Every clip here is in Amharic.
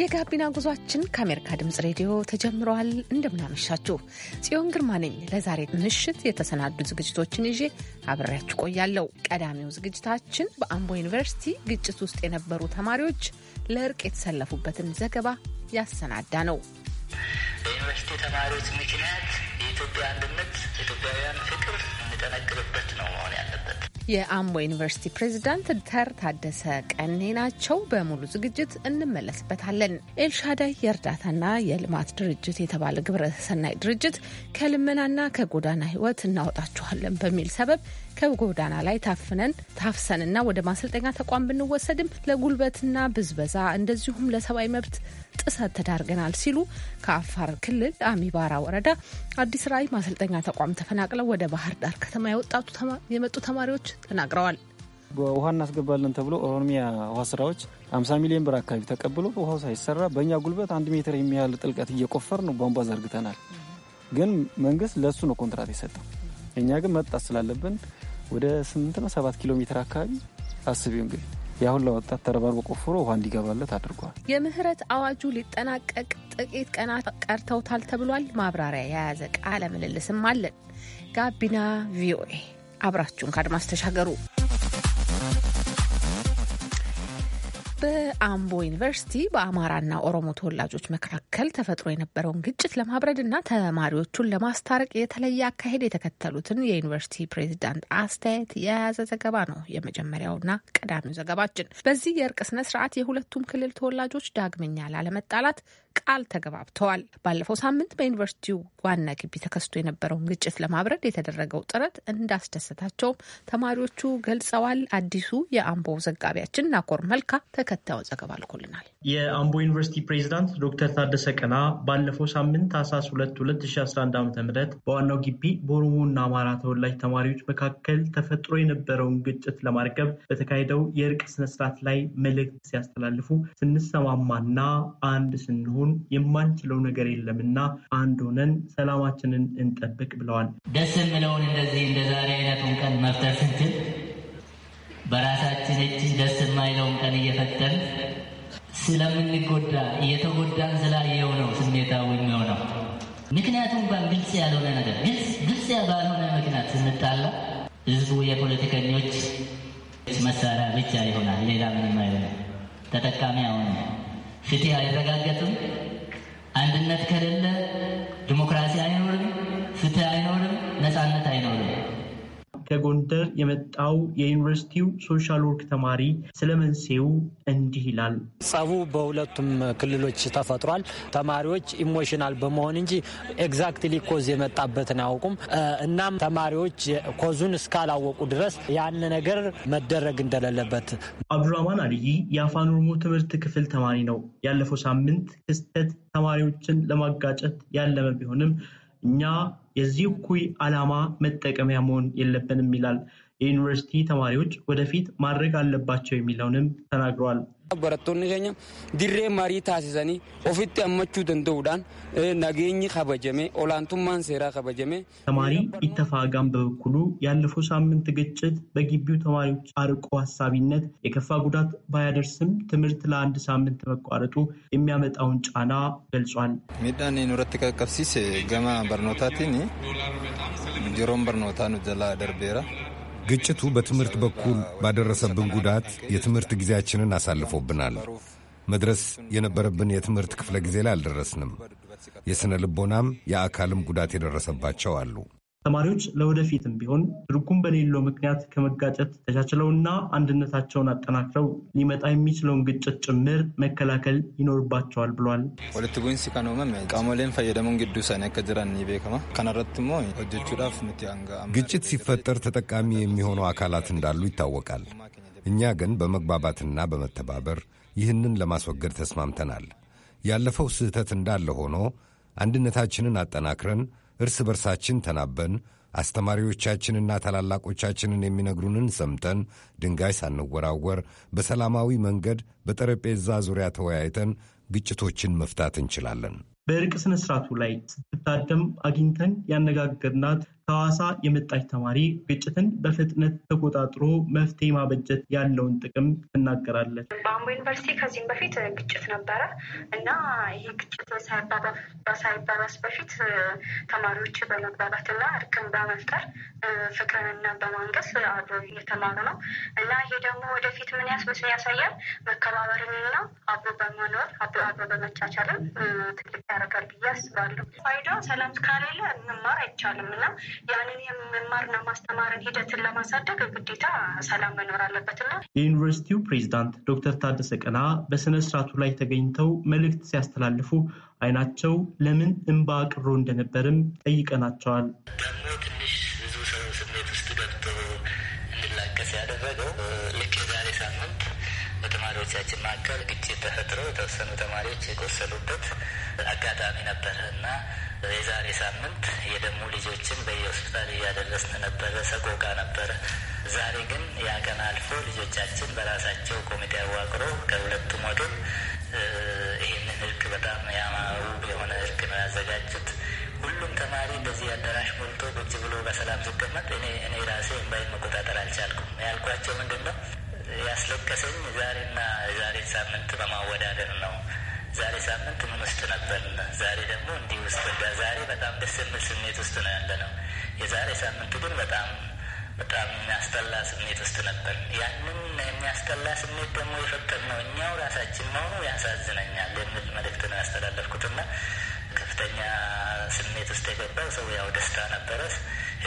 የጋቢና ጉዟችን ከአሜሪካ ድምጽ ሬዲዮ ተጀምረዋል። እንደምናመሻችሁ ጽዮን ግርማ ነኝ። ለዛሬ ምሽት የተሰናዱ ዝግጅቶችን ይዤ አብሬያችሁ ቆያለሁ። ቀዳሚው ዝግጅታችን በአምቦ ዩኒቨርሲቲ ግጭት ውስጥ የነበሩ ተማሪዎች ለእርቅ የተሰለፉበትን ዘገባ ያሰናዳ ነው። በዩኒቨርሲቲ ተማሪዎች ምክንያት የኢትዮጵያ አንድነት፣ ኢትዮጵያውያን ፍቅር የሚጠነክርበት ነው መሆን ያለበት የአምቦ ዩኒቨርሲቲ ፕሬዝዳንት ተር ታደሰ ቀኔ ናቸው። በሙሉ ዝግጅት እንመለስበታለን። ኤልሻዳይ የእርዳታና የልማት ድርጅት የተባለ ግብረ ሰናይ ድርጅት ከልመናና ከጎዳና ህይወት እናወጣችኋለን በሚል ሰበብ ከጎዳና ላይ ታፍነን ታፍሰንና ወደ ማሰልጠኛ ተቋም ብንወሰድም ለጉልበትና ብዝበዛ እንደዚሁም ለሰብአዊ መብት ጥሰት ተዳርገናል ሲሉ ከአፋር ክልል አሚባራ ወረዳ አዲስ ራዕይ ማሰልጠኛ ተቋም ተፈናቅለው ወደ ባህር ዳር ከተማ የመጡ ተማሪዎች ተናግረዋል። ውሃ እናስገባለን ተብሎ ኦሮሚያ ውሃ ስራዎች 50 ሚሊዮን ብር አካባቢ ተቀብሎ ውሃው ሳይሰራ በእኛ ጉልበት አንድ ሜትር የሚያህል ጥልቀት እየቆፈር ነው ቧንቧ ዘርግተናል። ግን መንግስት ለእሱ ነው ኮንትራት የሰጠው። እኛ ግን መጣት ስላለብን ወደ ስምንት ነው ሰባት ኪሎ ሜትር አካባቢ አስቢው እንግዲህ የአሁን ለወጣት ተረባርቦ ቆፍሮ ውሃ እንዲገባለት አድርጓል። የምህረት አዋጁ ሊጠናቀቅ ጥቂት ቀናት ቀርተውታል ተብሏል። ማብራሪያ የያዘ ቃለ ምልልስም አለን። ጋቢና ቪኦኤ አብራችሁን ከአድማስ ተሻገሩ። በአምቦ ዩኒቨርሲቲ በአማራና ኦሮሞ ተወላጆች መካከል ተፈጥሮ የነበረውን ግጭት ለማብረድ እና ተማሪዎቹን ለማስታረቅ የተለየ አካሄድ የተከተሉትን የዩኒቨርሲቲ ፕሬዚዳንት አስተያየት የያዘ ዘገባ ነው የመጀመሪያውና ቀዳሚው ዘገባችን። በዚህ የእርቅ ስነ ስርዓት የሁለቱም ክልል ተወላጆች ዳግመኛ ላለመጣላት ቃል ተገባብተዋል። ባለፈው ሳምንት በዩኒቨርሲቲው ዋና ግቢ ተከስቶ የነበረውን ግጭት ለማብረድ የተደረገው ጥረት እንዳስደሰታቸውም ተማሪዎቹ ገልጸዋል። አዲሱ የአምቦ ዘጋቢያችን ናኮር መልካ ተከታዩን ዘገባ አልኮልናል። የአምቦ ዩኒቨርሲቲ ፕሬዚዳንት ዶክተር ታደሰ ቀና ባለፈው ሳምንት ታህሳስ 2 2011 ዓ ም በዋናው ግቢ በኦሮሞና አማራ ተወላጅ ተማሪዎች መካከል ተፈጥሮ የነበረውን ግጭት ለማርገብ በተካሄደው የእርቅ ስነስርዓት ላይ መልእክት ሲያስተላልፉ ስንሰማማና አንድ ስንሆን መሆን የማንችለው ነገር የለምና አንድ ሆነን ሰላማችንን እንጠብቅ ብለዋል። ደስ የምለውን እንደዚህ እንደ ዛሬ አይነቱን ቀን መፍጠር ስንችል በራሳችን እጅ ደስ የማይለውን ቀን እየፈጠን ስለምንጎዳ እየተጎዳን ስላየው ነው ስሜታዊ የሚሆነው። ምክንያቱም እንኳን ግልጽ ያልሆነ ነገር ግልጽ ባልሆነ ምክንያት ስንጣላ ህዝቡ የፖለቲከኞች መሳሪያ ብቻ ይሆናል። ሌላ ምንም አይሆንም። ተጠቃሚ አሁን ፍትህ አይረጋገጥም። አንድነት ከሌለ ዲሞክራሲ አይኖርም፣ ፍትህ አይኖርም፣ ነፃነት አይኖርም። ከጎንደር የመጣው የዩኒቨርሲቲው ሶሻል ወርክ ተማሪ ስለ መንስኤው እንዲህ ይላል። ጸቡ በሁለቱም ክልሎች ተፈጥሯል። ተማሪዎች ኢሞሽናል በመሆን እንጂ ኤግዛክትሊ ኮዝ የመጣበትን አያውቁም። እናም ተማሪዎች ኮዙን እስካላወቁ ድረስ ያን ነገር መደረግ እንደሌለበት። አብዱራማን አልይ የአፋን ኦሮሞ ትምህርት ክፍል ተማሪ ነው። ያለፈው ሳምንት ክስተት ተማሪዎችን ለማጋጨት ያለመ ቢሆንም እኛ የዚህ እኩይ ዓላማ መጠቀሚያ መሆን የለብንም ይላል የዩኒቨርሲቲ ተማሪዎች ወደፊት ማድረግ አለባቸው የሚለውንም ተናግረዋል Barattoonni keenya dirree marii taasisanii ofitti ammachuu danda'uudhaan eh, nageenyi kabajame olaantummaan seeraa kabajame። ተማሪ ኢተፋጋም በበኩሉ ያለፈው ሳምንት ግጭት በግቢው ተማሪዎች አርቆ ሀሳቢነት የከፋ ጉዳት ባያደርስም ትምህርት ለአንድ ሳምንት መቋረጡ የሚያመጣውን ጫና ገልጿል። ሚዳን ኑረት ቀቀብሲስ ገማ በርኖታቲን ጅሮም በርኖታ ኑ ጀላ ደርቤራ ግጭቱ በትምህርት በኩል ባደረሰብን ጉዳት የትምህርት ጊዜያችንን አሳልፎብናል። መድረስ የነበረብን የትምህርት ክፍለ ጊዜ ላይ አልደረስንም። የሥነ ልቦናም የአካልም ጉዳት የደረሰባቸው አሉ። ተማሪዎች ለወደፊትም ቢሆን ትርጉም በሌለው ምክንያት ከመጋጨት ተቻችለውና አንድነታቸውን አጠናክረው ሊመጣ የሚችለውን ግጭት ጭምር መከላከል ይኖርባቸዋል ብሏል። ግጭት ሲፈጠር ተጠቃሚ የሚሆኑ አካላት እንዳሉ ይታወቃል። እኛ ግን በመግባባትና በመተባበር ይህንን ለማስወገድ ተስማምተናል። ያለፈው ስህተት እንዳለ ሆኖ አንድነታችንን አጠናክረን እርስ በርሳችን ተናበን አስተማሪዎቻችንና ታላላቆቻችንን የሚነግሩንን ሰምተን ድንጋይ ሳንወራወር በሰላማዊ መንገድ በጠረጴዛ ዙሪያ ተወያይተን ግጭቶችን መፍታት እንችላለን። በእርቅ ስነ ስርዓቱ ላይ ስትታደም አግኝተን ያነጋገርናት ከሐዋሳ የመጣች ተማሪ ግጭትን በፍጥነት ተቆጣጥሮ መፍትሄ ማበጀት ያለውን ጥቅም ትናገራለች። በአምቦ ዩኒቨርሲቲ ከዚህም በፊት ግጭት ነበረ እና ይህ ግጭት ሳይባባስ በፊት ተማሪዎች በመግባባትና እርቅን በመፍጠር ፍቅርንና በማንገስ አብሮ እየተማሩ ነው እና ይሄ ደግሞ ወደፊት ምን ያስመስል ያሳያል መከባበርንና አብሮ በመኖር አብሮ በመቻቻልም ትልቅ ያደርጋል ብዬ አስባለሁ። ፋይዳው ሰላም ካሌለ መማር አይቻልም እና ያንን የመማርና ማስተማርን ሂደትን ለማሳደግ ግዴታ ሰላም መኖር አለበትና የዩኒቨርሲቲው ፕሬዚዳንት ዶክተር ታደሰ ቀና በስነ ስርዓቱ ላይ ተገኝተው መልእክት ሲያስተላልፉ አይናቸው ለምን እንባ አቅሮ እንደነበርም ጠይቀናቸዋል። ያደረገው ልክ የዛሬ ሳምንት በተማሪዎቻችን መካከል ግጭት ተፈጥሮ የተወሰኑ ተማሪዎች የቆሰሉበት አጋጣሚ ነበረ እና የዛሬ ሳምንት የደሙ ልጆችን በየሆስፒታል እያደረስን ነበረ። ሰቆቃ ነበረ። ዛሬ ግን ያ ቀን አልፎ ልጆቻችን በራሳቸው ኮሚቴ አዋቅሮ ከሁለቱም ወገን ይህንን እርቅ በጣም ያማሩ የሆነ እርቅ ነው ያዘጋጁት። ሁሉም ተማሪ እንደዚህ አዳራሽ ሞልቶ ቁጭ ብሎ በሰላም ሲቀመጥ እኔ እኔ ራሴ እምባይን መቆጣጠር አልቻልኩም። ያልኳቸው ምንድን ነው ያስለቀሰኝ ዛሬና ዛሬ ሳምንት በማወዳደር ነው። ዛሬ ሳምንት ምን ውስጥ ነበር፣ ዛሬ ደግሞ እንዲህ ውስጥ። ዛሬ በጣም ደስ የሚል ስሜት ውስጥ ነው ያለ ነው። የዛሬ ሳምንት ግን በጣም በጣም የሚያስጠላ ስሜት ውስጥ ነበር። ያንን የሚያስጠላ ስሜት ደግሞ ነው እኛው ራሳችን መሆኑ ያሳዝነኛል የሚል መልእክት ነው ያስተላለፍኩትና ከፍተኛ ስሜት ውስጥ የገባው ሰው ያው ደስታ ነበረ።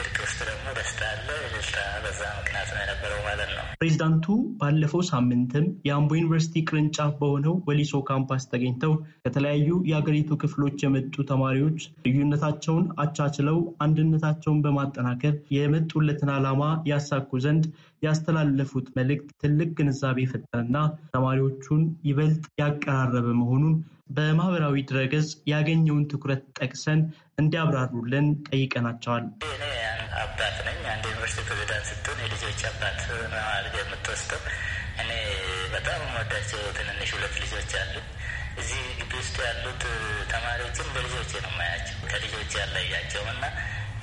እርቅ ውስጥ ደግሞ ደስታ አለ፣ እልልታ በዛ ምክንያት ነው የነበረው ማለት ነው። ፕሬዚዳንቱ ባለፈው ሳምንትም የአምቦ ዩኒቨርሲቲ ቅርንጫፍ በሆነው ወሊሶ ካምፓስ ተገኝተው ከተለያዩ የአገሪቱ ክፍሎች የመጡ ተማሪዎች ልዩነታቸውን አቻችለው አንድነታቸውን በማጠናከር የመጡለትን ዓላማ ያሳኩ ዘንድ ያስተላለፉት መልእክት ትልቅ ግንዛቤ ፈጠረና ተማሪዎቹን ይበልጥ ያቀራረበ መሆኑን በማህበራዊ ድረገጽ ያገኘውን ትኩረት ጠቅሰን እንዲያብራሩልን ጠይቀናቸዋል። አባት ነኝ። አንድ ዩኒቨርሲቲ ፕሬዚዳንት ስትሆን የልጆች አባት አድርገህ የምትወስደው እኔ በጣም የምወዳቸው ትንንሽ ሁለት ልጆች አሉ። እዚህ ግቢ ውስጥ ያሉት ተማሪዎችን በልጆቼ ነው የማያቸው፣ ከልጆች ያለያቸውም እና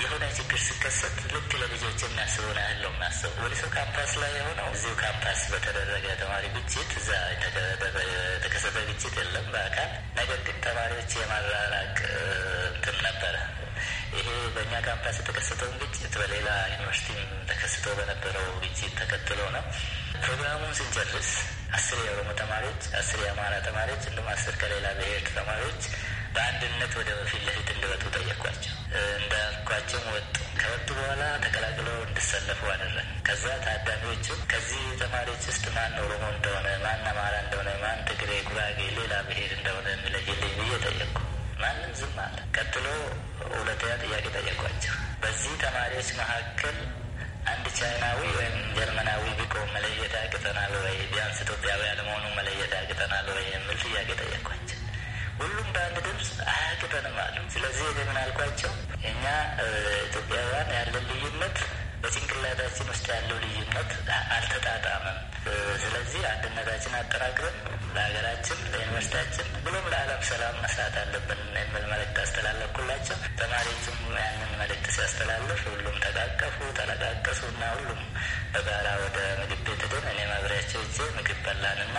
የሆነ ችግር ሲከሰት ልክ ለልጆች የሚያስበውን ያህል ነው የሚያስበው። ወሊሶ ካምፓስ ላይ የሆነው እዚሁ ካምፓስ በተደረገ ተማሪ ግጭት እዛ አስር የአማራ ተማሪዎች እንዲሁም አስር ከሌላ ብሔር ተማሪዎች በአንድነት ወደ በፊት ልዩነት አልተጣጣምም ስለዚህ አንድነታችን አጠናክረን ለሀገራችን፣ ለዩኒቨርሲቲያችን ብሎም ለዓለም ሰላም መስራት አለብን የሚል መልእክት አስተላለፍኩላቸው። ተማሪዎችም ያንን መልእክት ሲያስተላልፍ ሁሉም ተቃቀፉ፣ ተለቃቀሱ እና ሁሉም በጋራ ወደ ምግብ ቤት ሄደን እኔ ማብሪያቸው ይዤ ምግብ በላን እና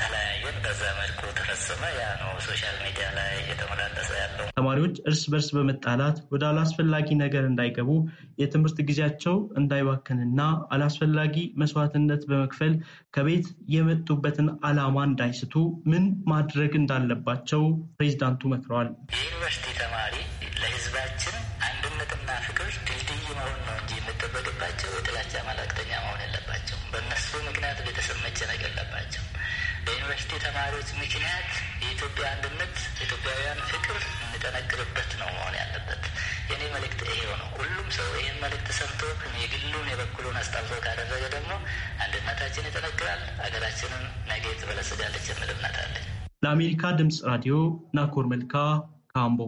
ተለያየን። በዛ መልኩ ተፈጸመ። ያ ነው ሶሻል ልጆች እርስ በርስ በመጣላት ወደ አላስፈላጊ ነገር እንዳይገቡ የትምህርት ጊዜያቸው እንዳይባክንና አላስፈላጊ መስዋዕትነት በመክፈል ከቤት የመጡበትን ዓላማ እንዳይስቱ ምን ማድረግ እንዳለባቸው ፕሬዚዳንቱ መክረዋል። የዩኒቨርሲቲ ተማሪ ለሕዝባችን አንድነትና ፍቅር ድልድይ መሆን ነው እንጂ የምጠበቅባቸው የጥላቻ መላክተኛ መሆን የለባቸው። በእነሱ ምክንያት ቤተሰብ መጨነቅ የለባቸው። በዩኒቨርሲቲ ተማሪዎች ምክንያት የኢትዮጵያ አንድነት፣ ኢትዮጵያውያን ፍቅር የምንገመግምበት ነው መሆን ያለበት። የኔ መልእክት ይሄው ነው። ሁሉም ሰው ይህን መልእክት ሰምቶ የግሉን የበኩሉን አስታውሶ ካደረገ ደግሞ አንድነታችን ይጠነክራል፣ ሀገራችንም ነገ ትበለጽጋለች የሚል እምነት አለኝ። ለአሜሪካ ድምጽ ራዲዮ ናኮር መልካ ካምቦ።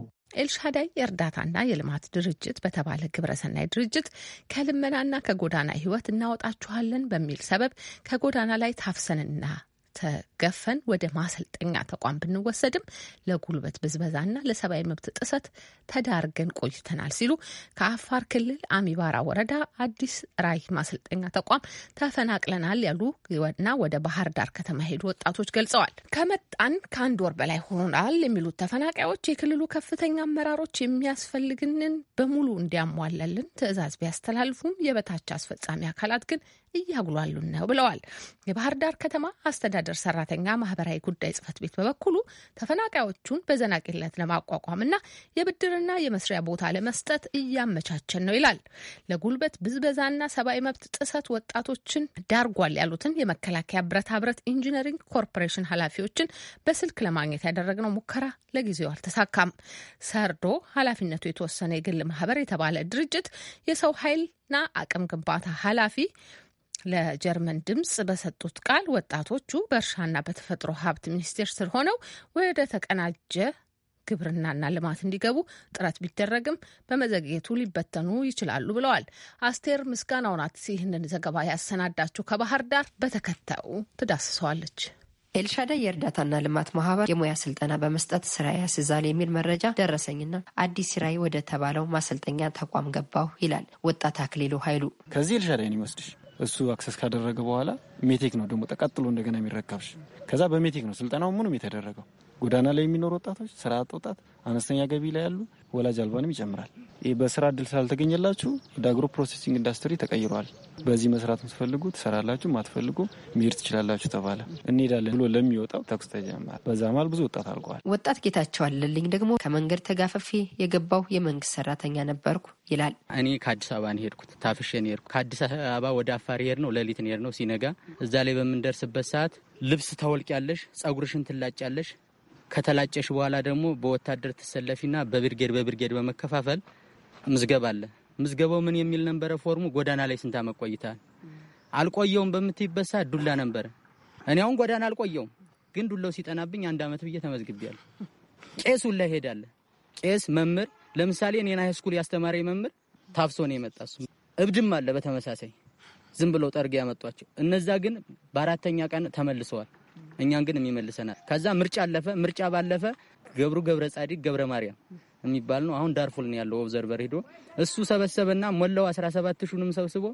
ኤልሻዳይ የእርዳታና የልማት ድርጅት በተባለ ግብረሰናይ ድርጅት ከልመናና ከጎዳና ሕይወት እናወጣችኋለን በሚል ሰበብ ከጎዳና ላይ ታፍሰንና ተገፈን ወደ ማሰልጠኛ ተቋም ብንወሰድም ለጉልበት ብዝበዛና ለሰብአዊ መብት ጥሰት ተዳርገን ቆይተናል ሲሉ ከአፋር ክልል አሚባራ ወረዳ አዲስ ራይ ማሰልጠኛ ተቋም ተፈናቅለናል ያሉ ና ወደ ባህር ዳር ከተማ ሄዱ ወጣቶች ገልጸዋል። ከመጣን ከአንድ ወር በላይ ሆኗል የሚሉት ተፈናቃዮች የክልሉ ከፍተኛ አመራሮች የሚያስፈልግንን በሙሉ እንዲያሟላልን ትዕዛዝ ቢያስተላልፉም የበታች አስፈጻሚ አካላት ግን እያጉላሉ ነው ብለዋል። የባህር ዳር ከተማ አስተዳደር ሰራተኛ ማህበራዊ ጉዳይ ጽህፈት ቤት በበኩሉ ተፈናቃዮቹን በዘናቂነት ለማቋቋምና የብድርና የመስሪያ ቦታ ለመስጠት እያመቻቸን ነው ይላል። ለጉልበት ብዝበዛና ሰብአዊ መብት ጥሰት ወጣቶችን ዳርጓል ያሉትን የመከላከያ ብረታ ብረት ኢንጂነሪንግ ኮርፖሬሽን ኃላፊዎችን በስልክ ለማግኘት ያደረግነው ሙከራ ለጊዜው አልተሳካም። ሰርዶ ኃላፊነቱ የተወሰነ የግል ማህበር የተባለ ድርጅት የሰው ኃይልና አቅም ግንባታ ኃላፊ ለጀርመን ድምጽ በሰጡት ቃል ወጣቶቹ በእርሻና በተፈጥሮ ሀብት ሚኒስቴር ስር ሆነው ወደ ተቀናጀ ግብርናና ልማት እንዲገቡ ጥረት ቢደረግም በመዘግየቱ ሊበተኑ ይችላሉ ብለዋል። አስቴር ምስጋናው ናት ይህንን ዘገባ ያሰናዳችው ከባህር ዳር በተከታዩ ትዳስሰዋለች። ኤልሻዳይ የእርዳታና ልማት ማህበር የሙያ ስልጠና በመስጠት ስራ ያስዛል የሚል መረጃ ደረሰኝና አዲስ ስራይ ወደ ተባለው ማሰልጠኛ ተቋም ገባሁ ይላል ወጣት አክሊሉ ኃይሉ። ከዚህ ኤልሻዳይ ነው የሚወስድሽ እሱ አክሰስ ካደረገ በኋላ ሜቴክ ነው ደግሞ ተቀጥሎ እንደገና የሚረከብሽ። ከዛ በሜቴክ ነው ስልጠናው ምኑም የተደረገው። ጎዳና ላይ የሚኖሩ ወጣቶች፣ ስራ አጥ ወጣት፣ አነስተኛ ገቢ ላይ ያሉ ወላጅ አልባንም ይጨምራል። ይህ በስራ እድል ስላልተገኘላችሁ ወደ አግሮ ፕሮሴሲንግ ኢንዱስትሪ ተቀይሯል። በዚህ መስራት የምትፈልጉ ትሰራላችሁ፣ ማትፈልጉ መሄድ ትችላላችሁ ተባለ። እንሄዳለን ብሎ ለሚወጣው ተኩስ ተጀመረ። በዛ ማል ብዙ ወጣት አልቀዋል። ወጣት ጌታቸው አለልኝ ደግሞ ከመንገድ ተጋፈፌ የገባው የመንግስት ሰራተኛ ነበርኩ ይላል። እኔ ከአዲስ አበባ ነው ሄድኩት፣ ታፍሼ ነው ሄድኩት። ከአዲስ አበባ ወደ አፋር ሄድ ነው፣ ሌሊት ሄድ ነው። ሲነጋ እዛ ላይ በምንደርስበት ሰዓት ልብስ ተወልቅ ያለሽ፣ ጸጉርሽን ትላጭ ያለሽ ከተላጨሽ በኋላ ደግሞ በወታደር ተሰለፊና በብርጌድ በብርጌድ በመከፋፈል ምዝገባ አለ። ምዝገባው ምን የሚል ነበረ? ፎርሙ ጎዳና ላይ ስንት ዓመት አልቆየውም በምትይበሳ ዱላ ነበረ። እኔ አሁን ጎዳና አልቆየውም፣ ግን ዱላው ሲጠናብኝ አንድ ዓመት ብዬ ተመዝግቤያለሁ። ቄስ ሁላ ይሄዳለ። ቄስ መምህር፣ ለምሳሌ እኔን ሃይስኩል ያስተማረ መምህር ታፍሶ ነው የመጣ እሱ። እብድም አለ በተመሳሳይ ዝም ብለው ጠርገ ያመጧቸው። እነዛ ግን በአራተኛ ቀን ተመልሰዋል። እኛን ግን የሚመልሰናል። ከዛ ምርጫ አለፈ። ምርጫ ባለፈ ገብሩ ገብረ ጻዲቅ ገብረ ማርያም የሚባል ነው። አሁን ዳርፉል ነው ያለው ኦብዘርቨር ሄዶ እሱ ሰበሰበና ሞላው 17 ሹንም ሰብስቦ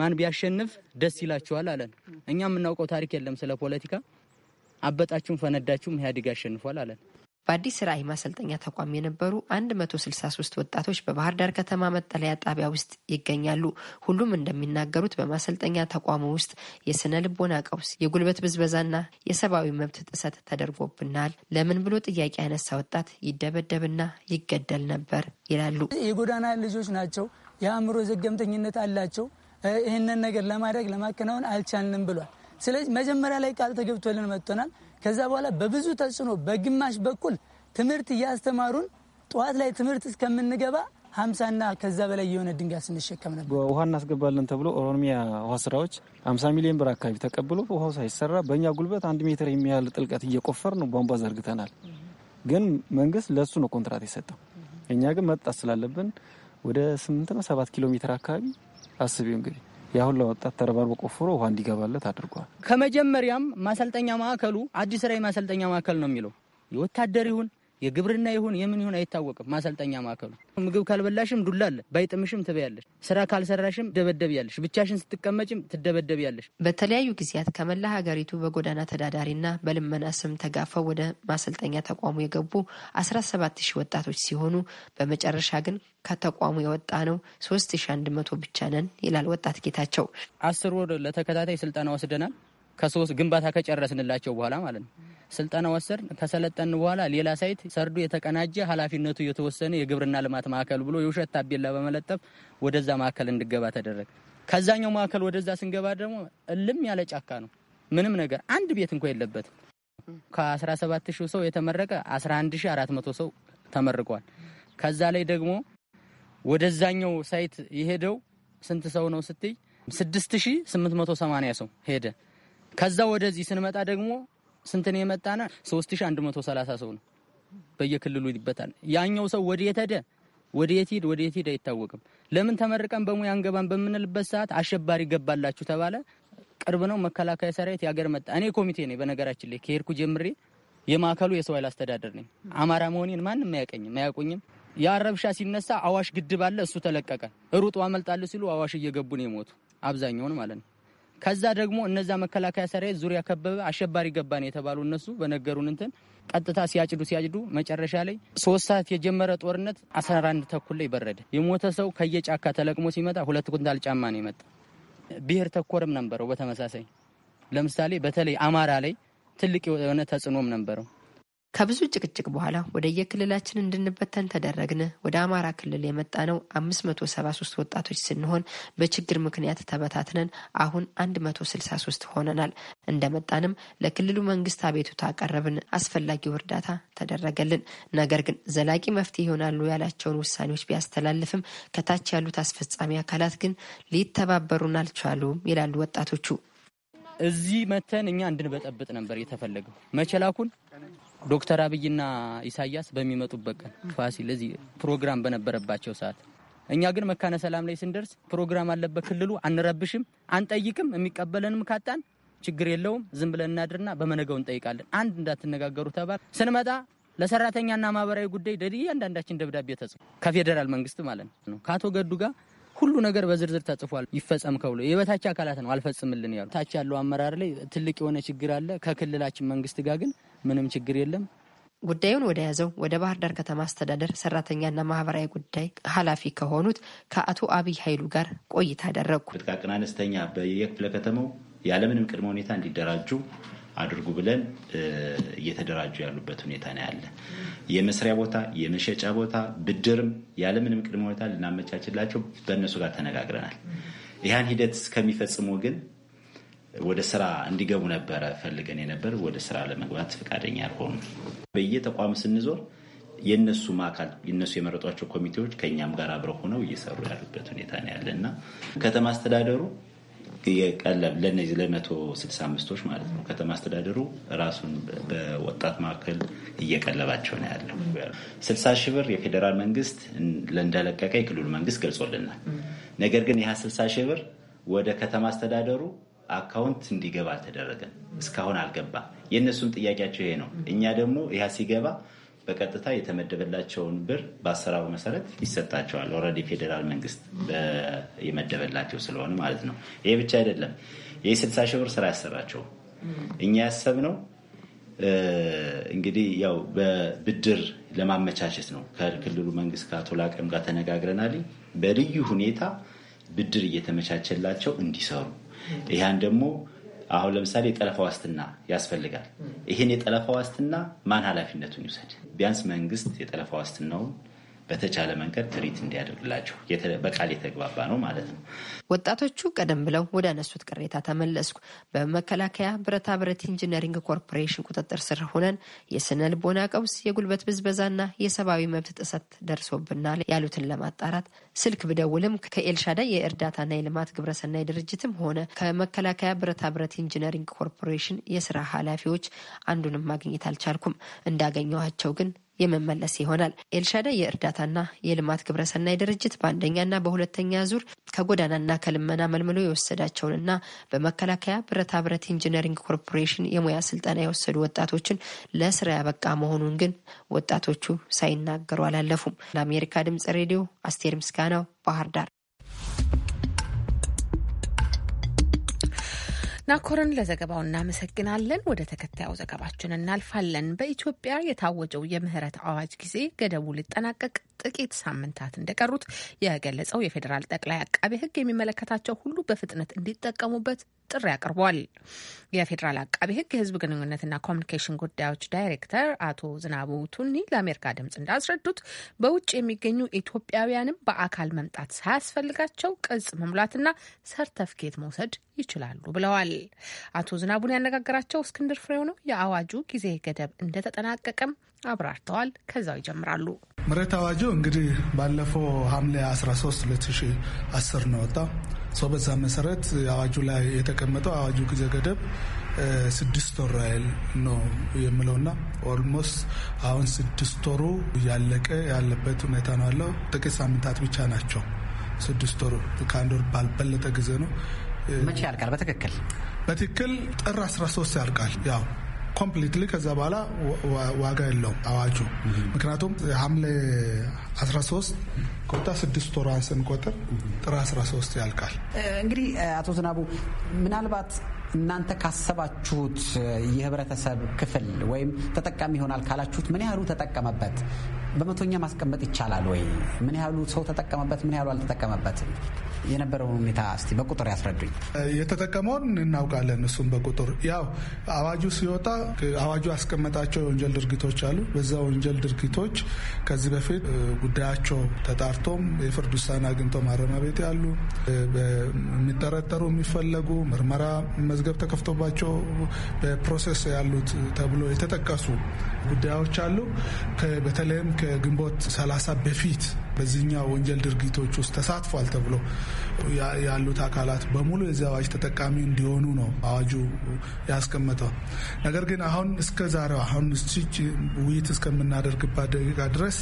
ማን ቢያሸንፍ ደስ ይላችኋል አለን። እኛ የምናውቀው ታሪክ የለም ስለ ፖለቲካ። አበጣችሁም ፈነዳችሁም ኢህአዴግ አሸንፏል አለን። በአዲስ ራዕይ ማሰልጠኛ ተቋም የነበሩ 163 ወጣቶች በባህር ዳር ከተማ መጠለያ ጣቢያ ውስጥ ይገኛሉ። ሁሉም እንደሚናገሩት በማሰልጠኛ ተቋሙ ውስጥ የስነ ልቦና ቀውስ፣ የጉልበት ብዝበዛና የሰብአዊ መብት ጥሰት ተደርጎብናል። ለምን ብሎ ጥያቄ ያነሳ ወጣት ይደበደብና ይገደል ነበር ይላሉ። የጎዳና ልጆች ናቸው፣ የአእምሮ ዘገምተኝነት አላቸው። ይህንን ነገር ለማድረግ ለማከናወን አልቻልንም ብሏል። ስለዚህ መጀመሪያ ላይ ቃል ተገብቶልን መጥቶናል። ከዛ በኋላ በብዙ ተጽዕኖ በግማሽ በኩል ትምህርት እያስተማሩን ጠዋት ላይ ትምህርት እስከምንገባ ሀምሳና ከዛ በላይ የሆነ ድንጋይ ስንሸከም ነበር። ውሃ እናስገባለን ተብሎ ኦሮሚያ ውሃ ስራዎች ሀምሳ ሚሊዮን ብር አካባቢ ተቀብሎ ውሃው ሳይሰራ በእኛ ጉልበት አንድ ሜትር የሚያህል ጥልቀት እየቆፈር ነው ቧንቧ ዘርግተናል። ግን መንግስት ለእሱ ነው ኮንትራት የሰጠው። እኛ ግን መጣት ስላለብን ወደ ነው ሰባት ኪሎ ሜትር አካባቢ አስቢው እንግዲህ ያሁን ለወጣት ተረባርቦ ቆፍሮ ውሃ እንዲገባለት አድርጓል። ከመጀመሪያም ማሰልጠኛ ማዕከሉ አዲስ ራዕይ ማሰልጠኛ ማዕከል ነው የሚለው የወታደር ይሁን የግብርና ይሁን የምን ይሁን አይታወቅም። ማሰልጠኛ ማዕከሉ ምግብ ካልበላሽም ዱላ አለ፣ ባይጥምሽም ትበያለሽ፣ ስራ ካልሰራሽም ደበደብ ያለሽ፣ ብቻሽን ስትቀመጭም ትደበደብ ያለሽ። በተለያዩ ጊዜያት ከመላ ሀገሪቱ በጎዳና ተዳዳሪና በልመና ስም ተጋፈው ወደ ማሰልጠኛ ተቋሙ የገቡ 17 ሺህ ወጣቶች ሲሆኑ በመጨረሻ ግን ከተቋሙ የወጣ ነው 3100 ብቻ ነን ይላል ወጣት ጌታቸው። አስር ወር ለተከታታይ ስልጠና ወስደናል። ከሶስት ግንባታ ከጨረስንላቸው በኋላ ማለት ነው ስልጠና ወሰድ። ከሰለጠን በኋላ ሌላ ሳይት ሰርዶ የተቀናጀ ኃላፊነቱ የተወሰነ የግብርና ልማት ማዕከል ብሎ የውሸት ታቤላ በመለጠፍ ወደዛ ማዕከል እንድገባ ተደረገ። ከዛኛው ማዕከል ወደዛ ስንገባ ደግሞ እልም ያለ ጫካ ነው። ምንም ነገር አንድ ቤት እንኳ የለበትም። ከ17 ሺህ ሰው የተመረቀ 11400 ሰው ተመርቋል። ከዛ ላይ ደግሞ ወደዛኛው ሳይት የሄደው ስንት ሰው ነው ስትይ 6880 ሰው ሄደ። ከዛ ወደዚህ ስንመጣ ደግሞ ስንትን የመጣና 3130 ሰው ነው በየክልሉ ይበታል። ያኛው ሰው ወዴት ሄደ ወዴት ሂድ ወዴት ሂድ አይታወቅም። ለምን ተመርቀን በሙያ አንገባን በምንልበት ሰዓት አሸባሪ ገባላችሁ ተባለ። ቅርብ ነው መከላከያ ሰራዊት የሀገር መጣ። እኔ ኮሚቴ ነኝ። በነገራችን ላይ ከሄድኩ ጀምሬ የማዕከሉ የሰው ኃይል አስተዳደር ነኝ። አማራ መሆኔን ማንም አያቀኝም አያውቁኝም። የአረብሻ ሲነሳ አዋሽ ግድብ አለ፣ እሱ ተለቀቀ። ሩጡ አመልጣለሁ ሲሉ አዋሽ እየገቡ ነው የሞቱ አብዛኛውን ማለት ነው። ከዛ ደግሞ እነዛ መከላከያ ሰራዊት ዙሪያ ከበበ አሸባሪ ገባን የተባሉ እነሱ በነገሩን እንትን ቀጥታ ሲያጭዱ ሲያጭዱ መጨረሻ ላይ ሶስት ሰዓት የጀመረ ጦርነት አስራ አንድ ተኩል ላይ በረደ። የሞተ ሰው ከየጫካ ተለቅሞ ሲመጣ ሁለት ኩንታል ጫማ ነው የመጣ። ብሔር ተኮርም ነበረው በተመሳሳይ ለምሳሌ በተለይ አማራ ላይ ትልቅ የሆነ ተጽዕኖም ነበረው። ከብዙ ጭቅጭቅ በኋላ ወደ የክልላችን እንድንበተን ተደረግን። ወደ አማራ ክልል የመጣ ነው 573 ወጣቶች ስንሆን በችግር ምክንያት ተበታትነን አሁን 163 ሆነናል። እንደመጣንም ለክልሉ መንግስት አቤቱታ አቀረብን። አስፈላጊው እርዳታ ተደረገልን። ነገር ግን ዘላቂ መፍትሄ ይሆናሉ ያላቸውን ውሳኔዎች ቢያስተላልፍም ከታች ያሉት አስፈጻሚ አካላት ግን ሊተባበሩን አልቻሉም ይላሉ ወጣቶቹ። እዚህ መተን እኛ እንድንበጠብጥ ነበር የተፈለገው መቸላኩን ዶክተር አብይና ኢሳያስ በሚመጡበት ቀን ፋሲል እዚህ ፕሮግራም በነበረባቸው ሰዓት፣ እኛ ግን መካነ ሰላም ላይ ስንደርስ ፕሮግራም አለበት ክልሉ፣ አንረብሽም፣ አንጠይቅም። የሚቀበለንም ካጣን ችግር የለውም ዝም ብለን እናድርና በመነገው እንጠይቃለን። አንድ እንዳትነጋገሩ ተባል። ስንመጣ ለሰራተኛና ማህበራዊ ጉዳይ እያንዳንዳችን ደብዳቤ ተጽፎ ከፌዴራል መንግስት ማለት ነው ከአቶ ገዱ ጋር ሁሉ ነገር በዝርዝር ተጽፏል። ይፈጸም ከብሎ የበታች አካላት ነው አልፈጽምልን ያሉ ታች ያለው አመራር ላይ ትልቅ የሆነ ችግር አለ። ከክልላችን መንግስት ጋር ግን ምንም ችግር የለም። ጉዳዩን ወደ ያዘው ወደ ባህር ዳር ከተማ አስተዳደር ሰራተኛና ማህበራዊ ጉዳይ ኃላፊ ከሆኑት ከአቶ አብይ ኃይሉ ጋር ቆይታ አደረግኩ። ጥቃቅን አነስተኛ በየክፍለ ከተማው ያለምንም ቅድመ ሁኔታ እንዲደራጁ አድርጉ ብለን እየተደራጁ ያሉበት ሁኔታ ነው ያለ። የመስሪያ ቦታ፣ የመሸጫ ቦታ፣ ብድርም ያለምንም ቅድመ ሁኔታ ልናመቻችላቸው በእነሱ ጋር ተነጋግረናል። ይህን ሂደት እስከሚፈጽሙ ግን ወደ ስራ እንዲገቡ ነበረ ፈልገን የነበር ወደ ስራ ለመግባት ፈቃደኛ ያልሆኑ በየተቋም ስንዞር የነሱ አካል የእነሱ የመረጧቸው ኮሚቴዎች ከእኛም ጋር አብረው ሆነው እየሰሩ ያሉበት ሁኔታ ነው ያለ እና ከተማ አስተዳደሩ ለነዚህ ለመቶ ስልሳ አምስቶች ማለት ነው። ከተማ አስተዳደሩ ራሱን በወጣት ማዕከል እየቀለባቸው ነው ያለው። ስልሳ ሺህ ብር የፌዴራል መንግስት እንደለቀቀ የክልሉ መንግስት ገልጾልናል። ነገር ግን ይህ ስልሳ ሺህ ብር ወደ ከተማ አስተዳደሩ አካውንት እንዲገባ አልተደረገ፣ እስካሁን አልገባ። የእነሱም ጥያቄያቸው ይሄ ነው። እኛ ደግሞ ያ ሲገባ በቀጥታ የተመደበላቸውን ብር በአሰራሩ መሰረት ይሰጣቸዋል። ኦልሬዲ ፌዴራል መንግስት የመደበላቸው ስለሆነ ማለት ነው። ይሄ ብቻ አይደለም። ይህ ስልሳ ሺህ ብር ስራ ያሰራቸው እኛ ያሰብነው እንግዲህ ያው በብድር ለማመቻቸት ነው። ከክልሉ መንግስት ከአቶ ላቀም ጋር ተነጋግረናል። በልዩ ሁኔታ ብድር እየተመቻቸላቸው እንዲሰሩ ይህን ደግሞ አሁን ለምሳሌ የጠለፋ ዋስትና ያስፈልጋል። ይህን የጠለፋ ዋስትና ማን ኃላፊነቱን ይውሰድ? ቢያንስ መንግስት የጠለፋ ዋስትናውን በተቻለ መንገድ ትሪት እንዲያደርግላቸው በቃል የተግባባ ነው ማለት ነው። ወጣቶቹ ቀደም ብለው ወደ አነሱት ቅሬታ ተመለስኩ። በመከላከያ ብረታ ብረት ኢንጂነሪንግ ኮርፖሬሽን ቁጥጥር ስር ሆነን የስነ ልቦና ቀውስ፣ የጉልበት ብዝበዛና የሰብአዊ መብት ጥሰት ደርሶብናል ያሉትን ለማጣራት ስልክ ብደውልም ከኤልሻዳይ የእርዳታና የልማት ግብረሰናይ ድርጅትም ሆነ ከመከላከያ ብረታ ብረት ኢንጂነሪንግ ኮርፖሬሽን የስራ ኃላፊዎች አንዱንም ማግኘት አልቻልኩም። እንዳገኘኋቸው ግን የመመለስ ይሆናል። ኤልሻዳ የእርዳታና የልማት ግብረሰናይ ድርጅት በአንደኛና በሁለተኛ ዙር ከጎዳናና ከልመና መልምሎ የወሰዳቸውንና በመከላከያ ብረታ ብረት ኢንጂነሪንግ ኮርፖሬሽን የሙያ ስልጠና የወሰዱ ወጣቶችን ለስራ ያበቃ መሆኑን ግን ወጣቶቹ ሳይናገሩ አላለፉም። ለአሜሪካ ድምጽ ሬዲዮ አስቴር ምስጋናው ባህር ዳር። ናኮርን ለዘገባው እናመሰግናለን። ወደ ተከታዩ ዘገባችን እናልፋለን። በኢትዮጵያ የታወጀው የምህረት አዋጅ ጊዜ ገደቡ ሊጠናቀቅ ጥቂት ሳምንታት እንደቀሩት የገለጸው የፌዴራል ጠቅላይ አቃቤ ሕግ የሚመለከታቸው ሁሉ በፍጥነት እንዲጠቀሙበት ጥሪ አቅርቧል። የፌዴራል አቃቤ ሕግ የህዝብ ግንኙነትና ኮሚኒኬሽን ጉዳዮች ዳይሬክተር አቶ ዝናቡ ቱኒ ለአሜሪካ ድምጽ እንዳስረዱት በውጭ የሚገኙ ኢትዮጵያውያንም በአካል መምጣት ሳያስፈልጋቸው ቅጽ መሙላትና ሰርተፍኬት መውሰድ ይችላሉ ብለዋል። ተናግረዋል። አቶ ዝናቡን ያነጋገራቸው እስክንድር ፍሬው ነው። የአዋጁ ጊዜ ገደብ እንደተጠናቀቀም አብራርተዋል። ከዛው ይጀምራሉ። ምህረት አዋጁ እንግዲህ ባለፈው ሐምሌ 13 2010 ነው ወጣ ሰው በዛ መሰረት አዋጁ ላይ የተቀመጠው አዋጁ ጊዜ ገደብ ስድስት ወር ያህል ነው የምለውና ኦልሞስት አሁን ስድስት ወሩ እያለቀ ያለበት ሁኔታ ነው ያለው። ጥቂት ሳምንታት ብቻ ናቸው። ስድስት ወሩ ከአንድ ወር ባልበለጠ ጊዜ ነው መቼ ያልቃል? በትክክል በትክክል ጥር 13 ያልቃል። ያው ኮምፕሊትሊ ከዛ በኋላ ዋጋ የለው አዋጁ። ምክንያቱም ሐምሌ 13 ከወጣ ስድስት ወሯን ስንቆጥር ጥር 13 ያልቃል። እንግዲህ አቶ ዝናቡ ምናልባት እናንተ ካሰባችሁት የህብረተሰብ ክፍል ወይም ተጠቃሚ ይሆናል ካላችሁት ምን ያህሉ ተጠቀመበት? በመቶኛ ማስቀመጥ ይቻላል ወይ? ምን ያህሉ ሰው ተጠቀመበት? ምን ያህሉ አልተጠቀመበትም? የነበረውን ሁኔታ እስቲ በቁጥር ያስረዱኝ። የተጠቀመውን እናውቃለን። እሱም በቁጥር ያው አዋጁ ሲወጣ አዋጁ ያስቀመጣቸው የወንጀል ድርጊቶች አሉ። በዛ ወንጀል ድርጊቶች ከዚህ በፊት ጉዳያቸው ተጣርቶም የፍርድ ውሳኔ አግኝቶ ማረሚያ ቤት ያሉ የሚጠረጠሩ የሚፈለጉ ምርመራ መዝገብ ተከፍቶባቸው በፕሮሴስ ያሉት ተብሎ የተጠቀሱ ጉዳዮች አሉ። በተለይም ከግንቦት 30 በፊት በዚህኛው ወንጀል ድርጊቶች ውስጥ ተሳትፏል ተብሎ ያሉት አካላት በሙሉ የዚህ አዋጅ ተጠቃሚ እንዲሆኑ ነው አዋጁ ያስቀመጠው። ነገር ግን አሁን እስከ ዛሬው አሁን ውይይት እስከምናደርግባት ደቂቃ ድረስ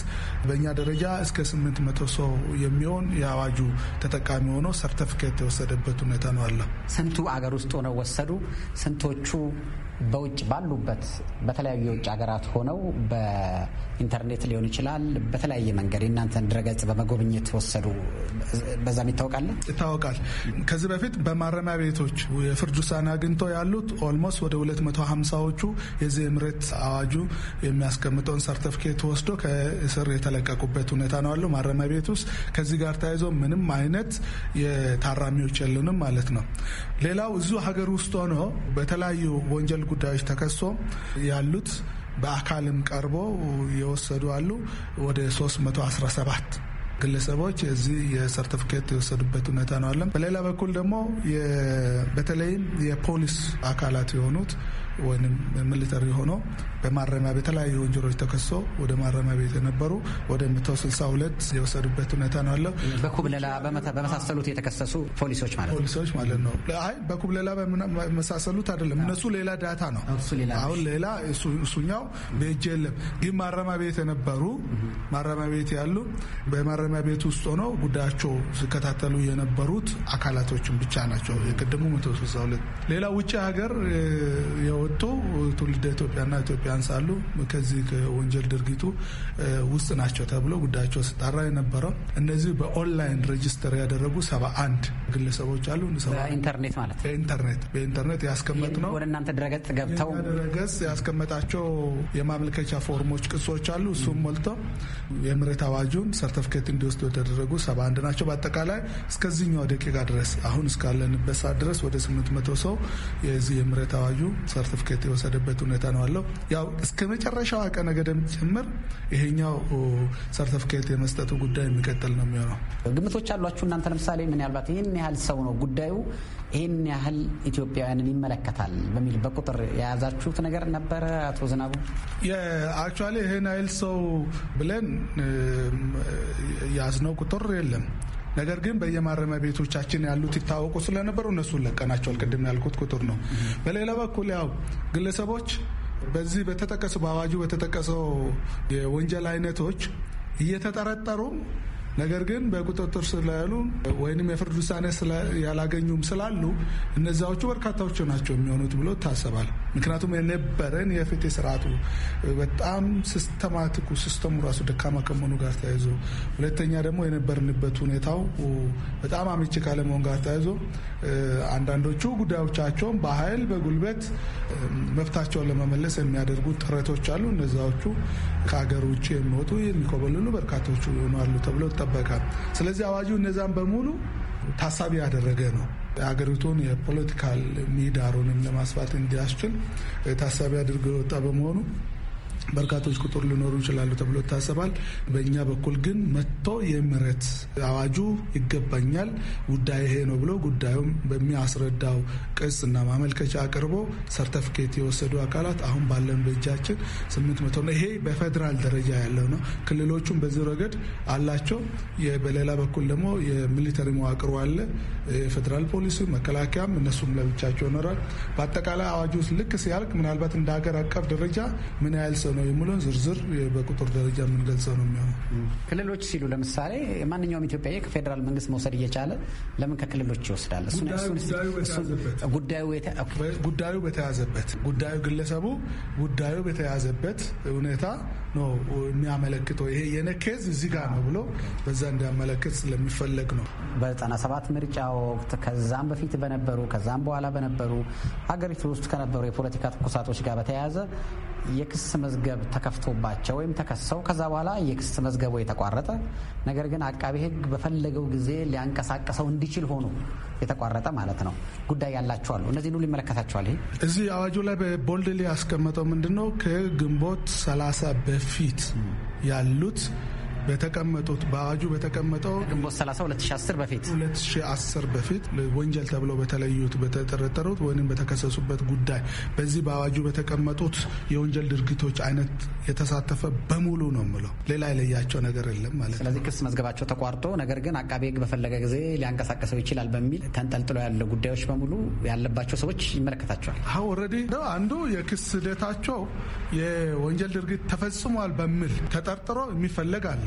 በእኛ ደረጃ እስከ ስምንት መቶ ሰው የሚሆን የአዋጁ ተጠቃሚ ሆኖ ሰርተፊኬት የወሰደበት ሁኔታ ነው አለ። ስንቱ አገር ውስጥ ሆነው ወሰዱ? ስንቶቹ በውጭ ባሉበት በተለያዩ የውጭ ሀገራት ሆነው በኢንተርኔት ሊሆን ይችላል፣ በተለያየ መንገድ የእናንተን ድረገ ድረገጽ በመጎብኘት ወሰዱ። በዛ ይታወቃል ይታወቃል። ከዚህ በፊት በማረሚያ ቤቶች የፍርድ ውሳኔ አግኝቶ ያሉት ኦልሞስት ወደ 250ዎቹ የዚህ ምሬት አዋጁ የሚያስቀምጠውን ሰርተፊኬት ወስዶ ከእስር የተለቀቁበት ሁኔታ ነው ያለው ማረሚያ ቤት ውስጥ። ከዚህ ጋር ተያይዞ ምንም አይነት የታራሚዎች የሉንም ማለት ነው። ሌላው እዚሁ ሀገር ውስጥ ሆኖ በተለያዩ ወንጀል ጉዳዮች ተከሶ ያሉት በአካልም ቀርቦ የወሰዱ አሉ። ወደ 317 ግለሰቦች እዚህ የሰርቲፊኬት የወሰዱበት ሁኔታ ነው አለም። በሌላ በኩል ደግሞ በተለይም የፖሊስ አካላት የሆኑት ወይም ሚሊተሪ ሆኖ በማረሚያ በተለያዩ ወንጀሎች ተከሶ ወደ ማረሚያ ቤት የነበሩ ወደ መቶ የወሰዱበት ሁኔታ ነው ያለው። በኩብለላ በመሳሰሉት የተከሰሱ ፖሊሶች ማለት ፖሊሶች ማለት ነው። አይ በኩብለላ በመሳሰሉት አይደለም። እነሱ ሌላ ዳታ ነው። አሁን ሌላ እሱኛው በእጅ የለም። ግን ማረሚያ ቤት የነበሩ ማረሚያ ቤት ያሉ በማረሚያ ቤት ውስጥ ሆነው ጉዳያቸው ሲከታተሉ የነበሩት አካላቶችን ብቻ ናቸው። የቅድሙ መቶ ሌላ ውጭ ሀገር ወጥቶ ትውልደ ኢትዮጵያና ኢትዮጵያን ሳሉ ከዚህ ወንጀል ድርጊቱ ውስጥ ናቸው ተብሎ ጉዳያቸው ስጣራ የነበረው እነዚህ በኦንላይን ሬጅስተር ያደረጉ ሰባ አንድ ግለሰቦች አሉ። ኢንተርኔት ማለት በኢንተርኔት ያስቀመጥ ነው። ወደ እናንተ ድረገጽ ገብተው ድረገጽ ያስቀመጣቸው የማመልከቻ ፎርሞች ቅጾች አሉ። እሱም ሞልቶ የምህረት አዋጁን ሰርተፍኬት እንዲወስዱ የተደረጉ ሰባ አንድ ናቸው። በአጠቃላይ እስከዚህኛው ደቂቃ ድረስ አሁን እስካለንበት ሰዓት ድረስ ወደ ስምንት መቶ ሰው የዚህ የምህረት አዋጁ ሰርተ ሰርቲፊኬት የወሰደበት ሁኔታ ነው አለው። ያው እስከ መጨረሻዋ ቀነ ገደም ጭምር ይሄኛው ሰርቲፊኬት የመስጠቱ ጉዳይ የሚቀጥል ነው የሚሆነው። ግምቶች አሏችሁ እናንተ? ለምሳሌ ምናልባት ይህን ያህል ሰው ነው ጉዳዩ ይህን ያህል ኢትዮጵያውያንን ይመለከታል በሚል በቁጥር የያዛችሁት ነገር ነበረ? አቶ ዝናቡ አክቹዋሊ ይህን ያህል ሰው ብለን ያዝነው ቁጥር የለም። ነገር ግን በየማረሚያ ቤቶቻችን ያሉት ይታወቁ ስለነበሩ እነሱን ለቀናቸዋል። ቅድም ያልኩት ቁጥር ነው። በሌላ በኩል ያው ግለሰቦች በዚህ በተጠቀሰው በአዋጁ በተጠቀሰው የወንጀል አይነቶች እየተጠረጠሩ ነገር ግን በቁጥጥር ስር ያሉ ወይንም የፍርድ ውሳኔ ያላገኙም ስላሉ እነዚያዎቹ በርካታዎቹ ናቸው የሚሆኑት ብሎ ይታሰባል። ምክንያቱም የነበረን የፍትህ ስርዓቱ በጣም ሲስተማቲኩ ሲስተሙ ራሱ ደካማ ከመሆኑ ጋር ተያይዞ፣ ሁለተኛ ደግሞ የነበርንበት ሁኔታው በጣም አመቺ ካለመሆን ጋር ተያይዞ አንዳንዶቹ ጉዳዮቻቸውን በኃይል በጉልበት መብታቸውን ለመመለስ የሚያደርጉ ጥረቶች አሉ። እነዚያዎቹ ከሀገር ውጭ የሚወጡ የሚኮበልሉ በርካታዎቹ ይሆናሉ ተብሎ ይጠበቃል። ስለዚህ አዋጁ እነዛም በሙሉ ታሳቢ ያደረገ ነው። አገሪቱን የፖለቲካል ሚዳሩንም ለማስፋት እንዲያስችል ታሳቢ አድርጎ የወጣ በመሆኑ በርካቶች ቁጥር ሊኖሩ ይችላሉ ተብሎ ይታሰባል። በእኛ በኩል ግን መጥቶ የምረት አዋጁ ይገባኛል ጉዳይ ይሄ ነው ብሎ ጉዳዩም በሚያስረዳው እና ማመልከቻ አቅርቦ ሰርተፍኬት የወሰዱ አካላት አሁን ባለን በእጃችን ስምንት መቶ ነው። ይሄ በፌዴራል ደረጃ ያለው ነው። ክልሎቹም በዚህ ረገድ አላቸው። በሌላ በኩል ደግሞ የሚሊተሪ መዋቅሩ አለ። የፌዴራል ፖሊሱ መከላከያም፣ እነሱም ለብቻቸው ይኖራል። በአጠቃላይ አዋጁ ልክ ሲያልቅ ምናልባት እንደ ሀገር አቀፍ ደረጃ ምን ያህል የተወሰነ ነው የሚለውን ዝርዝር በቁጥር ደረጃ የምንገልጸው ነው የሚሆነው። ክልሎች ሲሉ ለምሳሌ ማንኛውም ኢትዮጵያዊ ከፌዴራል መንግስት መውሰድ እየቻለ ለምን ከክልሎች ይወስዳል? ጉዳዩ በተያዘበት ጉዳዩ ግለሰቡ ጉዳዩ በተያዘበት ሁኔታ ነው የሚያመለክተው። ይሄ የነኬዝ እዚህ ጋር ነው ብሎ በዛ እንዲያመለክት ስለሚፈለግ ነው። ሰባት ምርጫ ወቅት ከዛም በፊት በነበሩ ከዛም በኋላ በነበሩ ሀገሪቱ ውስጥ ከነበሩ የፖለቲካ ትኩሳቶች ጋር በተያያዘ የክስ መዝገብ ተከፍቶባቸው ወይም ተከሰው ከዛ በኋላ የክስ መዝገቡ የተቋረጠ ነገር ግን አቃቤ ሕግ በፈለገው ጊዜ ሊያንቀሳቀሰው እንዲችል ሆኖ የተቋረጠ ማለት ነው። ጉዳይ ያላቸዋሉ። እነዚህ ሁሉ ይመለከታቸዋል። ይሄ እዚህ አዋጁ ላይ በቦልድ ሊያስቀመጠው ያስቀመጠው ምንድን ነው? ከግንቦት 30 በፊት ፊት ያሉት በተቀመጡት በአዋጁ በተቀመጠው ግንቦት 30 2010 በፊት 2010 በፊት ወንጀል ተብሎ በተለዩት በተጠረጠሩት ወይም በተከሰሱበት ጉዳይ በዚህ በአዋጁ በተቀመጡት የወንጀል ድርጊቶች አይነት የተሳተፈ በሙሉ ነው ምለው ሌላ የለያቸው ነገር የለም ማለት ነው። ስለዚህ ክስ መዝገባቸው ተቋርጦ ነገር ግን አቃቤ ህግ በፈለገ ጊዜ ሊያንቀሳቀሰው ይችላል በሚል ተንጠልጥሎ ያለ ጉዳዮች በሙሉ ያለባቸው ሰዎች ይመለከታቸዋል። አዎ ኦልሬዲ አንዱ የክስ ሂደታቸው የወንጀል ድርጊት ተፈጽሟል በሚል ተጠርጥሮ የሚፈለግ አለ።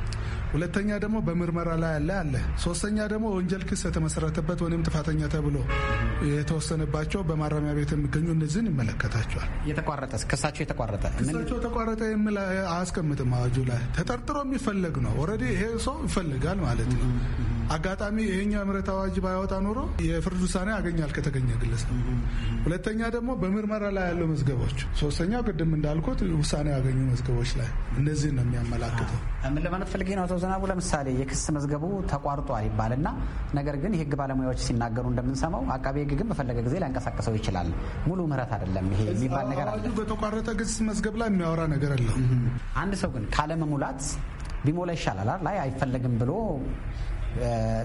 ሁለተኛ ደግሞ በምርመራ ላይ ያለ አለ። ሶስተኛ ደግሞ ወንጀል ክስ የተመሰረተበት ወይም ጥፋተኛ ተብሎ የተወሰነባቸው በማረሚያ ቤት የሚገኙ እነዚህን ይመለከታቸዋል። የተቋረጠ ክሳቸው የተቋረጠ ክሳቸው የተቋረጠ የሚል አያስቀምጥም አዋጁ ላይ። ተጠርጥሮ የሚፈለግ ነው። ኦልሬዲ ይሄ ሰው ይፈልጋል ማለት ነው። አጋጣሚ ይሄኛው የምህረት አዋጅ ባያወጣ ኖሮ የፍርድ ውሳኔ ያገኛል ከተገኘ ግለሰብ። ሁለተኛ ደግሞ በምርመራ ላይ ያለው መዝገቦች፣ ሶስተኛው ቅድም እንዳልኩት ውሳኔ ያገኙ መዝገቦች ላይ እነዚህን ነው የሚያመላክተው። ምን ለማለት ፈልጌ ነው አቶ ዝናቡ ለምሳሌ የክስ መዝገቡ ተቋርጧል ይባልና ነገር ግን የህግ ባለሙያዎች ሲናገሩ እንደምንሰማው አቃቤ ህግ ግን በፈለገ ጊዜ ሊያንቀሳቀሰው ይችላል። ሙሉ ምህረት አይደለም ይሄ የሚባል ነገር አለ። በተቋረጠ ክስ መዝገብ ላይ የሚያወራ ነገር አለ። አንድ ሰው ግን ካለመሙላት ቢሞላ ይሻላል ላይ አይፈለግም ብሎ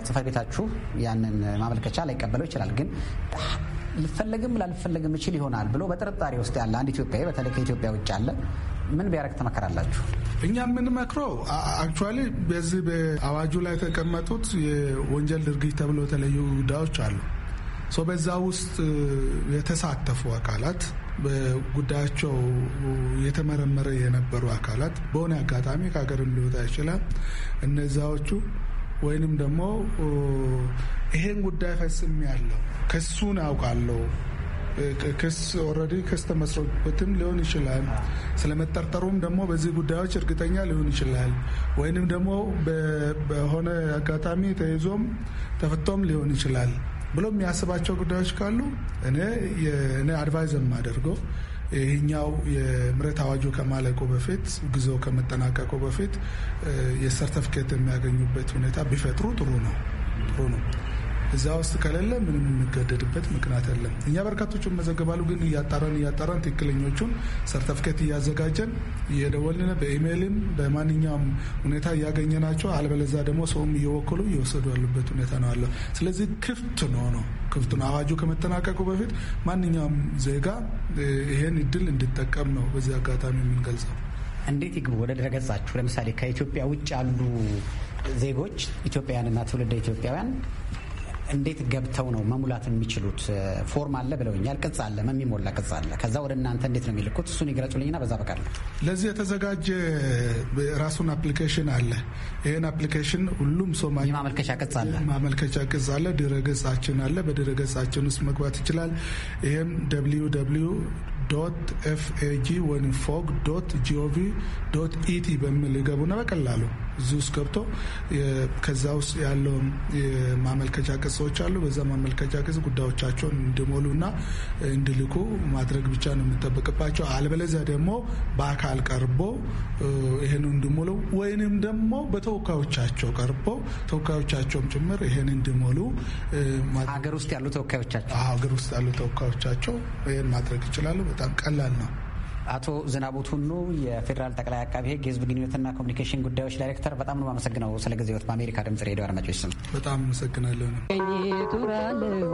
ጽፈት ቤታችሁ ያንን ማመልከቻ ላይቀበለው ይችላል። ግን ልፈለግም ላልፈለግም እችል ይሆናል ብሎ በጥርጣሬ ውስጥ ያለ አንድ ኢትዮጵያዊ በተለይ ከኢትዮጵያ ውጭ ያለ ምን ቢያደርግ ትመክራላችሁ? እኛ የምንመክረው አክቹዋሊ በዚህ በአዋጁ ላይ የተቀመጡት የወንጀል ድርጊት ተብሎ የተለዩ ጉዳዮች አሉ። በዛ ውስጥ የተሳተፉ አካላት በጉዳያቸው የተመረመረ የነበሩ አካላት በሆነ አጋጣሚ ከሀገርም ሊወጣ ይችላል። እነዛዎቹ ወይንም ደግሞ ይሄን ጉዳይ ፈጽም ያለው ክሱን አውቃለሁ ክስ ኦልሬዲ ክስ ተመስሮበትም ሊሆን ይችላል። ስለመጠርጠሩም ደግሞ በዚህ ጉዳዮች እርግጠኛ ሊሆን ይችላል። ወይንም ደግሞ በሆነ አጋጣሚ ተይዞም ተፈቶም ሊሆን ይችላል ብሎ የሚያስባቸው ጉዳዮች ካሉ እኔ እኔ አድቫይዝ የማደርገው ይህኛው የምረት አዋጁ ከማለቁ በፊት ጊዜው ከመጠናቀቁ በፊት የሰርተፍኬት የሚያገኙበት ሁኔታ ቢፈጥሩ ጥሩ ነው ጥሩ ነው። እዛ ውስጥ ከሌለ ምንም የምንገደድበት ምክንያት የለም። እኛ በርካቶቹ መዘገባሉ፣ ግን እያጣራን እያጣራን ትክክለኞቹን ሰርተፍኬት እያዘጋጀን እየደወልን በኢሜይልም በማንኛውም ሁኔታ እያገኘናቸው፣ አልበለዛ ደግሞ ሰውም እየወከሉ እየወሰዱ ያሉበት ሁኔታ ነው አለው። ስለዚህ ክፍት ነው ነው ክፍት ነው። አዋጁ ከመጠናቀቁ በፊት ማንኛውም ዜጋ ይሄን እድል እንዲጠቀም ነው በዚህ አጋጣሚ የምንገልጸው። እንዴት ይግቡ ወደ ድረገጻችሁ? ለምሳሌ ከኢትዮጵያ ውጭ ያሉ ዜጎች ኢትዮጵያውያንና ትውልደ ኢትዮጵያውያን እንዴት ገብተው ነው መሙላት የሚችሉት? ፎርም አለ ብለውኛል። ቅጽ አለ፣ የሚሞላ ቅጽ አለ። ከዛ ወደ እናንተ እንዴት ነው የሚልኩት? እሱን ይገለጹልኝና በዛ በቃል ለዚህ የተዘጋጀ ራሱን አፕሊኬሽን አለ። ይህን አፕሊኬሽን ሁሉም ሰው ማመልከቻ ቅጽ አለ፣ ማመልከቻ ቅጽ አለ፣ ድረ ገጻችን አለ። በድረ ገጻችን ውስጥ መግባት ይችላል። ይህም ደብሊው ደብሊው ዶት ኤፍኤጂ ወይም ፎግ ዶት ጂኦቪ ዶት ኢቲ በሚል ይገቡና በቀላሉ እዚህ ውስጥ ገብቶ ከዛ ውስጥ ያለውን ማመልከቻ ቅጾች አሉ። በዛ ማመልከቻ ቅጽ ጉዳዮቻቸውን እንዲሞሉና እንዲልኩ ማድረግ ብቻ ነው የምንጠበቅባቸው። አልበለዚያ ደግሞ በአካል ቀርቦ ይህን እንዲሞሉ ወይንም ደግሞ በተወካዮቻቸው ቀርቦ ተወካዮቻቸውም ጭምር ይህን እንዲሞሉ ሀገር ውስጥ ያሉ ተወካዮቻቸው ሀገር ውስጥ ያሉ ተወካዮቻቸው ይህን ማድረግ ይችላሉ። በጣም ቀላል ነው። አቶ ዝናቡ ቱኑ የፌዴራል ጠቅላይ አቃቢ ሕግ የህዝብ ግንኙነትና ኮሚኒኬሽን ጉዳዮች ዳይሬክተር፣ በጣም ነው አመሰግነው ስለ ጊዜዎት። በአሜሪካ ድምጽ ሬዲዮ አድማጮች ስም በጣም አመሰግናለሁ ነው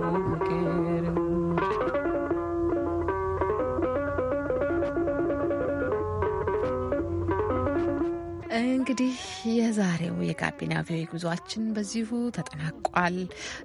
እንግዲህ የዛሬው የጋቢና ቪኦኤ ጉዟችን በዚሁ ተጠናቋል።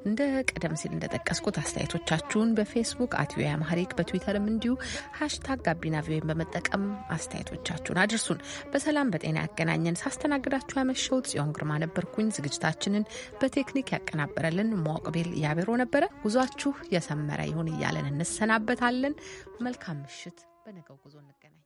እንደ ቀደም ሲል እንደጠቀስኩት አስተያየቶቻችሁን በፌስቡክ አት ቪኦኤ አማሪክ በትዊተርም እንዲሁ ሀሽታግ ጋቢና ቪኦኤን በመጠቀም አስተያየቶቻችሁን አድርሱን። በሰላም በጤና ያገናኘን። ሳስተናግዳችሁ ያመሸው ጽዮን ግርማ ነበርኩኝ። ዝግጅታችንን በቴክኒክ ያቀናበረልን ሞቅቤል ያቤሮ ነበረ። ጉዟችሁ የሰመረ ይሁን እያለን እንሰናበታለን። መልካም ምሽት። በነገው ጉዞ እንገናኝ።